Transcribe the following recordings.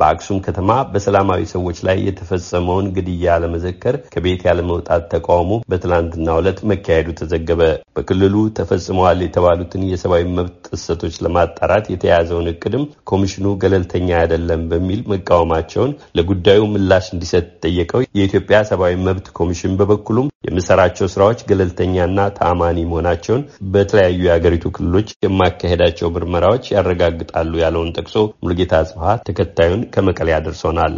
በአክሱም ከተማ በሰላማዊ ሰዎች ላይ የተፈጸመውን ግድያ ለመዘከር ከቤት ያለመውጣት ተቃውሞ በትላንትና ዕለት መካሄዱ ተዘገበ። በክልሉ ተፈጽመዋል የተባሉትን የሰብአዊ መብት ጥሰቶች ለማጣራት የተያዘውን እቅድም ኮሚሽኑ ገለልተኛ አይደለም በሚል መቃወማቸውን ለጉዳዩ ምላሽ እንዲሰጥ ጠየቀው የኢትዮጵያ ሰብአዊ መብት ኮሚሽን በበኩሉም የምሰራቸው ስራዎች ገለልተኛና ተአማኒ መሆናቸውን በተለያዩ የአገሪቱ ክልሎች የማካሄዳቸው ምርመራዎች ያረጋግጣሉ ያለውን ጠቅሶ ሙልጌታ አጽብሃ ተከታዩን ከመቀሌ አድርሶናል።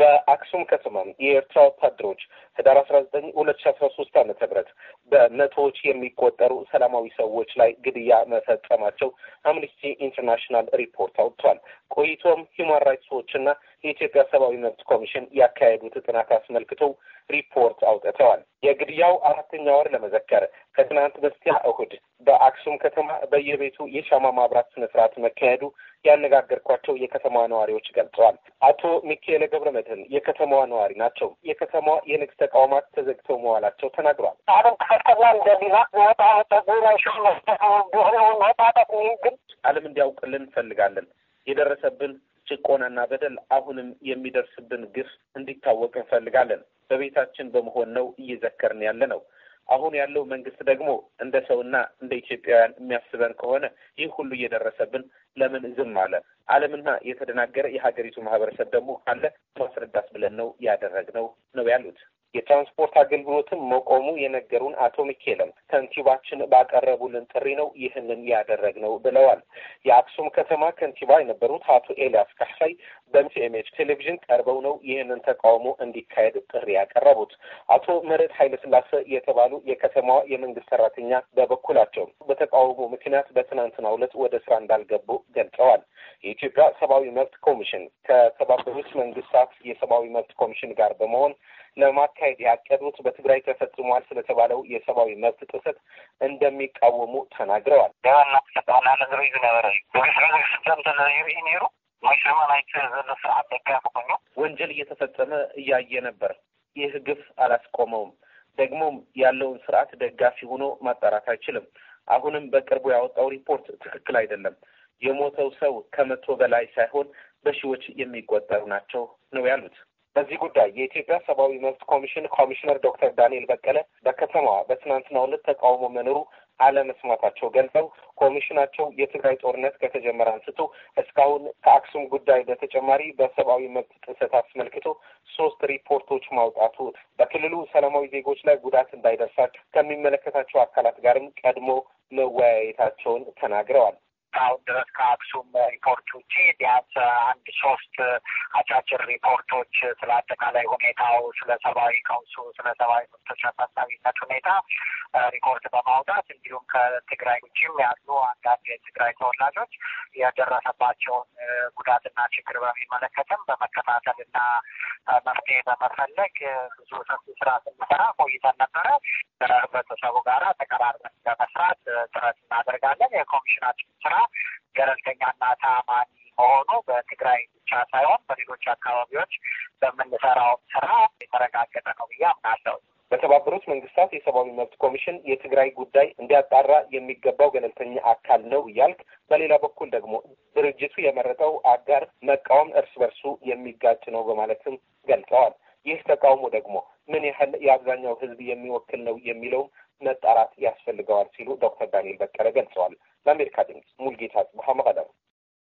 በአክሱም ከተማም የኤርትራ ወታደሮች ህዳር አስራ ዘጠኝ ሁለት ሺ አስራ ሶስት ዓመተ ምህረት በመቶዎች የሚቆጠሩ ሰላማዊ ሰዎች ላይ ግድያ መፈጸማቸው አምኒስቲ ኢንተርናሽናል ሪፖርት አውጥቷል። ቆይቶም ሂውማን ራይትስ ዎችና የኢትዮጵያ ሰብአዊ መብት ኮሚሽን ያካሄዱት ጥናት አስመልክቶ ሪፖርት አውጥተዋል። የግድያው አራተኛ ወር ለመዘከር ከትናንት በስቲያ እሁድ በአክሱም ከተማ በየቤቱ የሻማ ማብራት ስነስርዓት መካሄዱ ያነጋገርኳቸው የከተማዋ ነዋሪዎች ገልጸዋል። አቶ ሚካኤል ገብረ መድህን የከተማዋ ነዋሪ ናቸው። የከተማዋ የንግድ ተቋማት ተዘግተው መዋላቸው ተናግረዋል። አለም እንዲያውቅልን እንፈልጋለን። የደረሰብን ጭቆናና በደል አሁንም የሚደርስብን ግፍ እንዲታወቅ እንፈልጋለን። በቤታችን በመሆን ነው እየዘከርን ያለ ነው። አሁን ያለው መንግስት ደግሞ እንደ ሰውና እንደ ኢትዮጵያውያን የሚያስበን ከሆነ ይህ ሁሉ እየደረሰብን ለምን ዝም አለ? ዓለምና የተደናገረ የሀገሪቱ ማህበረሰብ ደግሞ አለ ማስረዳት ብለን ነው ያደረግነው ነው ያሉት። የትራንስፖርት አገልግሎትም መቆሙ የነገሩን አቶ ሚኬለም ከንቲባችን ባቀረቡልን ጥሪ ነው ይህንን ያደረግነው ብለዋል። የአክሱም ከተማ ከንቲባ የነበሩት አቶ ኤልያስ ካሳይ በኢሜጅ ቴሌቪዥን ቀርበው ነው ይህንን ተቃውሞ እንዲካሄድ ጥሪ ያቀረቡት። አቶ ምህረት ኃይለስላሴ የተባሉ የከተማዋ የመንግስት ሰራተኛ በበኩላቸው በተቃውሞ ምክንያት በትናንትናው ዕለት ወደ ስራ እንዳልገቡ ገልጸዋል። የኢትዮጵያ ሰብአዊ መብት ኮሚሽን ከተባበሩት መንግስታት የሰብአዊ መብት ኮሚሽን ጋር በመሆን ለማካሄድ ያቀዱት በትግራይ ተፈጽሟል ስለተባለው የሰብአዊ መብት ጥሰት እንደሚቃወሙ ተናግረዋል። ዘሎ ስርዓት ደጋፊ ኮይኑ ወንጀል እየተፈጸመ እያየ ነበር። ይህ ግፍ አላስቆመውም። ደግሞም ያለውን ስርዓት ደጋፊ ሆኖ ማጣራት አይችልም። አሁንም በቅርቡ ያወጣው ሪፖርት ትክክል አይደለም። የሞተው ሰው ከመቶ በላይ ሳይሆን በሺዎች የሚቆጠሩ ናቸው ነው ያሉት። በዚህ ጉዳይ የኢትዮጵያ ሰብአዊ መብት ኮሚሽን ኮሚሽነር ዶክተር ዳንኤል በቀለ በከተማዋ በትናንትናው ዕለት ተቃውሞ መኖሩ አለመስማታቸው ገልጸው ኮሚሽናቸው የትግራይ ጦርነት ከተጀመረ አንስቶ እስካሁን ከአክሱም ጉዳይ በተጨማሪ በሰብአዊ መብት ጥሰት አስመልክቶ ሶስት ሪፖርቶች ማውጣቱ በክልሉ ሰላማዊ ዜጎች ላይ ጉዳት እንዳይደርሳቸው ከሚመለከታቸው አካላት ጋርም ቀድሞ መወያየታቸውን ተናግረዋል። እስካሁን ድረስ ከአክሱም ሪፖርት ውጭ ቢያንስ አንድ ሶስት አጫጭር ሪፖርቶች ስለ አጠቃላይ ሁኔታው፣ ስለ ሰብአዊ ቀውሱ፣ ስለ ሰብአዊ መብቶች አሳሳቢነት ሁኔታ ሪኮርድ በማውጣት እንዲሁም ከትግራይ ውጭም ያሉ አንዳንድ የትግራይ ተወላጆች የደረሰባቸውን ጉዳትና ችግር በሚመለከትም እና መፍትሄ በመፈለግ ብዙ ሰፊ ስራ ስንሰራ ቆይተን ነበረ። ከህብረተሰቡ ጋራ ተቀራርበን በመስራት ጥረት እናደርጋለን። የኮሚሽናችን ስራ ገለልተኛና ታማኒ መሆኑ በትግራይ ብቻ ሳይሆን በሌሎች አካባቢዎች በምንሰራው ስራ የተረጋገጠ ነው ብዬ አምናለሁ። በተባበሩት መንግስታት የሰብአዊ መብት ኮሚሽን የትግራይ ጉዳይ እንዲያጣራ የሚገባው ገለልተኛ አካል ነው እያልክ፣ በሌላ በኩል ደግሞ ድርጅቱ የመረጠው አጋር መቃወም እርስ በርሱ የሚጋጭ ነው በማለትም ገልጸዋል። ይህ ተቃውሞ ደግሞ ምን ያህል የአብዛኛው ህዝብ የሚወክል ነው የሚለውም መጣራት ያስፈልገዋል ሲሉ ዶክተር ዳንኤል በቀለ ገልጸዋል። ለአሜሪካ ድምፅ ሙልጌታ ጽቡሀ